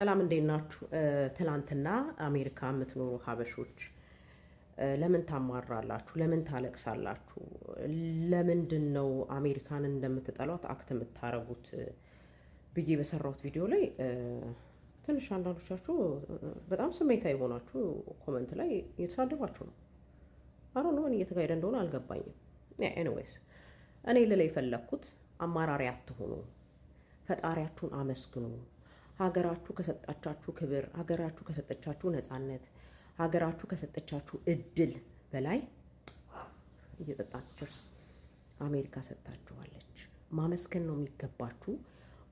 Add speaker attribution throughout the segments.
Speaker 1: ሰላም እንዴት ናችሁ? ትላንትና አሜሪካ የምትኖሩ ሀበሾች ለምን ታማራላችሁ? ለምን ታለቅሳላችሁ? ለምንድን ነው አሜሪካን እንደምትጠሏት አክት የምታረጉት ብዬ በሰራሁት ቪዲዮ ላይ ትንሽ አንዳንዶቻችሁ በጣም ስሜታዊ የሆናችሁ ኮመንት ላይ እየተሳደባችሁ ነው። አሮ ነው እየተካሄደ እንደሆነ አልገባኝም። ኤኒዌይስ እኔ ልላ የፈለግኩት አማራሪ አትሆኑ፣ ፈጣሪያችሁን አመስግኑ ሀገራችሁ ከሰጣቻችሁ ክብር፣ ሀገራችሁ ከሰጠቻችሁ ነፃነት፣ ሀገራችሁ ከሰጠቻችሁ እድል በላይ እየጠጣችሁ አሜሪካ ሰጥታችኋለች። ማመስገን ነው የሚገባችሁ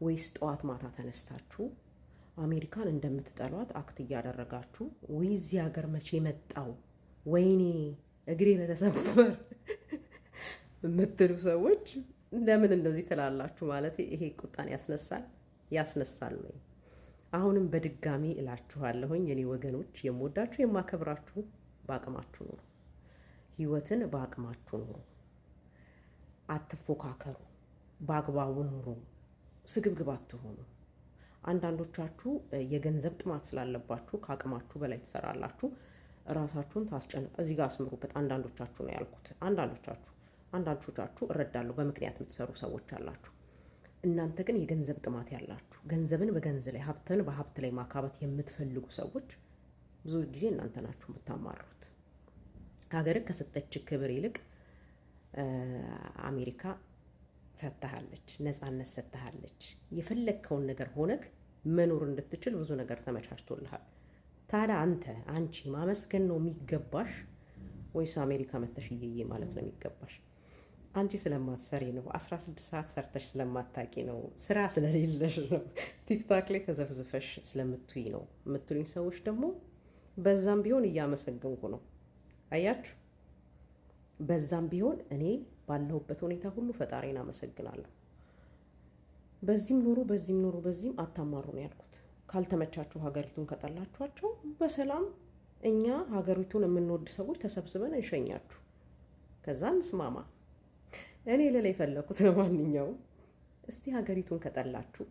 Speaker 1: ወይስ ጠዋት ማታ ተነስታችሁ አሜሪካን እንደምትጠሏት አክት እያደረጋችሁ ወይ እዚህ ሀገር መቼ መጣው ወይኔ እግሬ በተሰበር የምትሉ ሰዎች ለምን እንደዚህ ትላላችሁ? ማለት ይሄ ቁጣን ያስነሳል ያስነሳል ነው። አሁንም በድጋሚ እላችኋለሁኝ የኔ ወገኖች የምወዳችሁ የማከብራችሁ፣ በአቅማችሁ ኑሩ። ህይወትን በአቅማችሁ ኑሩ። አትፎካከሩ፣ በአግባቡ ኑሩ። ስግብግብ አትሆኑ። አንዳንዶቻችሁ የገንዘብ ጥማት ስላለባችሁ ከአቅማችሁ በላይ ትሰራላችሁ። ራሳችሁን ታስጨን እዚህ ጋር አስምሩበት። አንዳንዶቻችሁ ነው ያልኩት። አንዳንዶቻችሁ አንዳንዶቻችሁ እረዳለሁ፣ በምክንያት የምትሰሩ ሰዎች አላችሁ። እናንተ ግን የገንዘብ ጥማት ያላችሁ ገንዘብን በገንዘብ ላይ ሀብትን በሀብት ላይ ማካበት የምትፈልጉ ሰዎች ብዙ ጊዜ እናንተ ናችሁ የምታማሩት። ሀገርን ከሰጠች ክብር ይልቅ አሜሪካ ሰጥተሃለች፣ ነፃነት ሰጥተሃለች። የፈለግከውን ነገር ሆነክ መኖር እንድትችል ብዙ ነገር ተመቻችቶልሃል። ታዲያ አንተ አንቺ ማመስገን ነው የሚገባሽ ወይስ አሜሪካ መተሽ እየዬ ማለት ነው የሚገባሽ? አንቺ ስለማትሰሪ ነው። 16 ሰዓት ሰርተሽ ስለማታቂ ነው። ስራ ስለሌለሽ ነው። ቲክታክ ላይ ተዘፍዝፈሽ ስለምትይ ነው የምትሉኝ ሰዎች ደግሞ በዛም ቢሆን እያመሰገንኩ ነው። አያችሁ፣ በዛም ቢሆን እኔ ባለሁበት ሁኔታ ሁሉ ፈጣሪን አመሰግናለሁ። በዚህም ኑሩ፣ በዚህም ኑሩ፣ በዚህም አታማሩ ነው ያልኩት። ካልተመቻችሁ፣ ሀገሪቱን ከጠላችኋቸው በሰላም እኛ ሀገሪቱን የምንወድ ሰዎች ተሰብስበን እንሸኛችሁ። ከዛ እንስማማ። እኔ ልል የፈለኩት ለማንኛውም እስቲ ሀገሪቱን ከጠላችሁ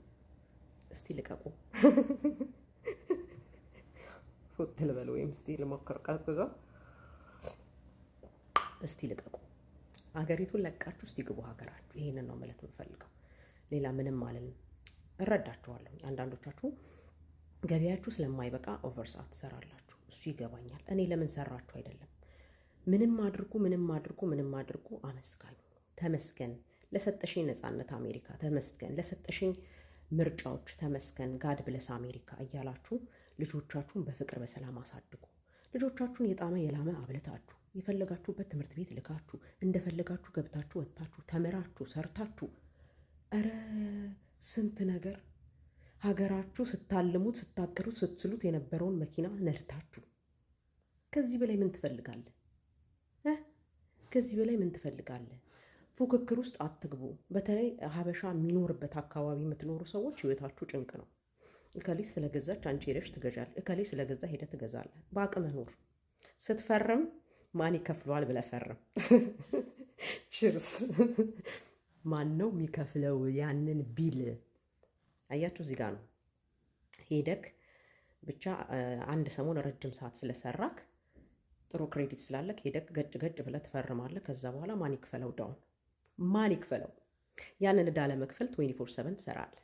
Speaker 1: እስቲ ልቀቁ ሆቴል ልበል ወይም እስቲ ልሞክር ቀዝቅዞ እስቲ ልቀቁ። ሀገሪቱን ለቃችሁ እስቲ ግቡ ሀገራችሁ። ይህንን ነው ማለት የምፈልገው። ሌላ ምንም አልልም። እረዳችኋለሁ። አንዳንዶቻችሁ ገበያችሁ ስለማይበቃ ኦቨር ሰዓት ትሰራላችሁ። እሱ ይገባኛል። እኔ ለምን ሰራችሁ አይደለም። ምንም አድርጉ፣ ምንም አድርጉ፣ ምንም አድርጉ፣ አመስጋኙ ተመስገን ለሰጠሽኝ ነፃነት አሜሪካ፣ ተመስገን ለሰጠሽኝ ምርጫዎች፣ ተመስገን ጋድ ብለስ አሜሪካ እያላችሁ ልጆቻችሁን በፍቅር በሰላም አሳድጉ። ልጆቻችሁን የጣመ የላመ አብለታችሁ የፈለጋችሁበት ትምህርት ቤት ልካችሁ እንደፈለጋችሁ ገብታችሁ ወጥታችሁ ተምራችሁ ሰርታችሁ፣ እረ ስንት ነገር ሀገራችሁ ስታልሙት ስታቅዱት ስትስሉት የነበረውን መኪና ነድታችሁ ከዚህ በላይ ምን ትፈልጋለህ? ከዚህ በላይ ምን ትፈልጋለህ? ፉክክር ውስጥ አትግቡ። በተለይ ሀበሻ የሚኖርበት አካባቢ የምትኖሩ ሰዎች ህይወታችሁ ጭንቅ ነው። እከሌ ስለገዛች አንቺ ሄደሽ ትገዣለሽ፣ እከሌ ስለገዛ ሄደ ትገዛለህ። በአቅምህ ኑር። ስትፈርም ማን ይከፍለዋል ብለህ ፈርም። ችርስ ማን ነው የሚከፍለው ያንን ቢል? አያችሁ፣ እዚህ ጋር ነው ሄደክ ብቻ አንድ ሰሞን ረጅም ሰዓት ስለሰራክ ጥሩ ክሬዲት ስላለክ ሄደክ ገጭ ገጭ ብለህ ትፈርማለህ። ከዛ በኋላ ማን ይክፈለው ዳውን ማን ይክፈለው? ያንን እዳ ለመክፈል 24 ፎር ትሰራለህ።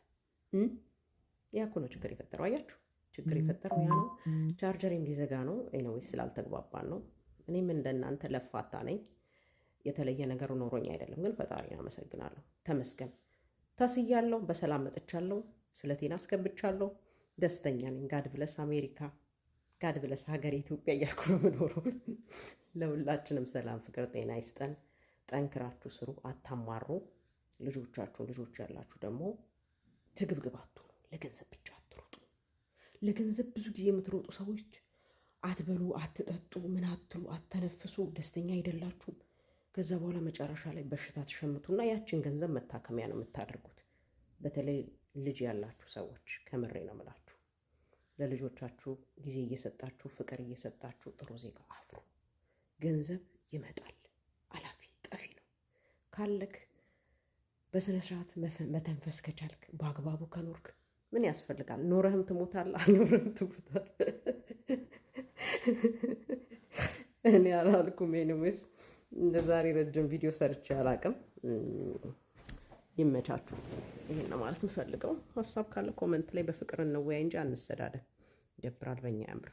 Speaker 1: ያ እኮ ነው ችግር የፈጠረው። አያችሁ፣ ችግር የፈጠረው ያ ነው። ቻርጀሬም ሊዘጋ ነው። ኤኒዌይስ ስላልተግባባን ነው። እኔም እንደናንተ ለፋታ ነኝ። የተለየ ነገሩ ኖሮኝ አይደለም፣ ግን ፈጣሪን አመሰግናለሁ። ተመስገን ታስያለሁ። በሰላም መጥቻለሁ። ስለቴን አስገብቻለሁ። ደስተኛ ነኝ። ጋድ ብለስ አሜሪካ፣ ጋድ ብለስ ሀገር ኢትዮጵያ እያልኩ ነው የምኖረው። ለሁላችንም ሰላም፣ ፍቅር፣ ጤና ይስጠን። ጠንክራችሁ ስሩ፣ አታማሩ። ልጆቻችሁ ልጆች ያላችሁ ደግሞ ትግብግብ አትሁኑ። ለገንዘብ ብቻ አትሮጡ። ለገንዘብ ብዙ ጊዜ የምትሮጡ ሰዎች አትበሉ፣ አትጠጡ፣ ምን አትሉ፣ አተነፍሱ፣ ደስተኛ አይደላችሁ ከዛ በኋላ መጨረሻ ላይ በሽታ ትሸምቱና ያችን ገንዘብ መታከሚያ ነው የምታደርጉት። በተለይ ልጅ ያላችሁ ሰዎች ከምሬ ነው ምላችሁ ለልጆቻችሁ ጊዜ እየሰጣችሁ ፍቅር እየሰጣችሁ ጥሩ ዜጋ አፍሩ። ገንዘብ ይመጣል። ካለክ በስነ ስርዓት መተንፈስ ከቻልክ በአግባቡ ከኖርክ ምን ያስፈልጋል? ኖረህም ትሞታል፣ አልኖረህም ትሞታል። እኔ አላልኩም። ኤኒዌይስ ዛሬ ረጅም ቪዲዮ ሰርቼ አላቅም። ይመቻችሁ። ይሄን ነው ማለት የምፈልገው። ሀሳብ ካለ ኮመንት ላይ በፍቅር እንወያይ እንጂ አንሰዳደን። ይደብራል፣ በእኛ ያምር።